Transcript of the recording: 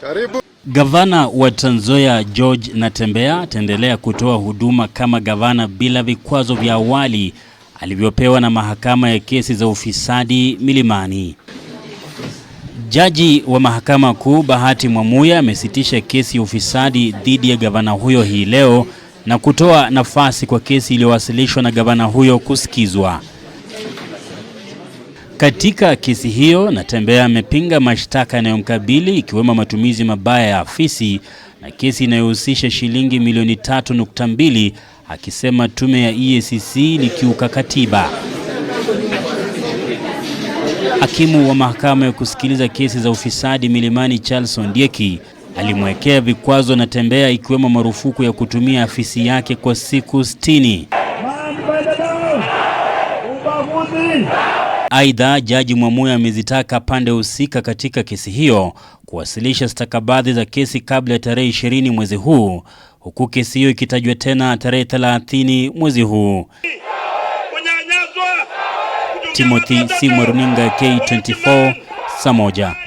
Karibu. Gavana wa Trans Nzoia George Natembeya ataendelea kutoa huduma kama gavana bila vikwazo vya awali alivyopewa na mahakama ya kesi za ufisadi Milimani. Jaji wa mahakama kuu Bahati Mwamuya amesitisha kesi ya ufisadi dhidi ya gavana huyo hii leo na kutoa nafasi kwa kesi iliyowasilishwa na gavana huyo kusikizwa. Katika kesi hiyo, Natembeya amepinga mashtaka yanayomkabili ikiwemo matumizi mabaya ya afisi na kesi inayohusisha shilingi milioni tatu nukta mbili akisema tume ya EACC ilikiuka katiba. Hakimu wa mahakama ya kusikiliza kesi za ufisadi Milimani Charles Ondieki alimwekea vikwazo Natembeya ikiwemo marufuku ya kutumia afisi yake kwa siku 60. Aidha, Jaji Mwamuye amezitaka pande husika katika kesi hiyo kuwasilisha stakabadhi za kesi kabla ya tarehe ishirini mwezi huu huku kesi hiyo ikitajwa tena tarehe thelathini mwezi huu. Timothy Simwa, Runinga K24, saa moja.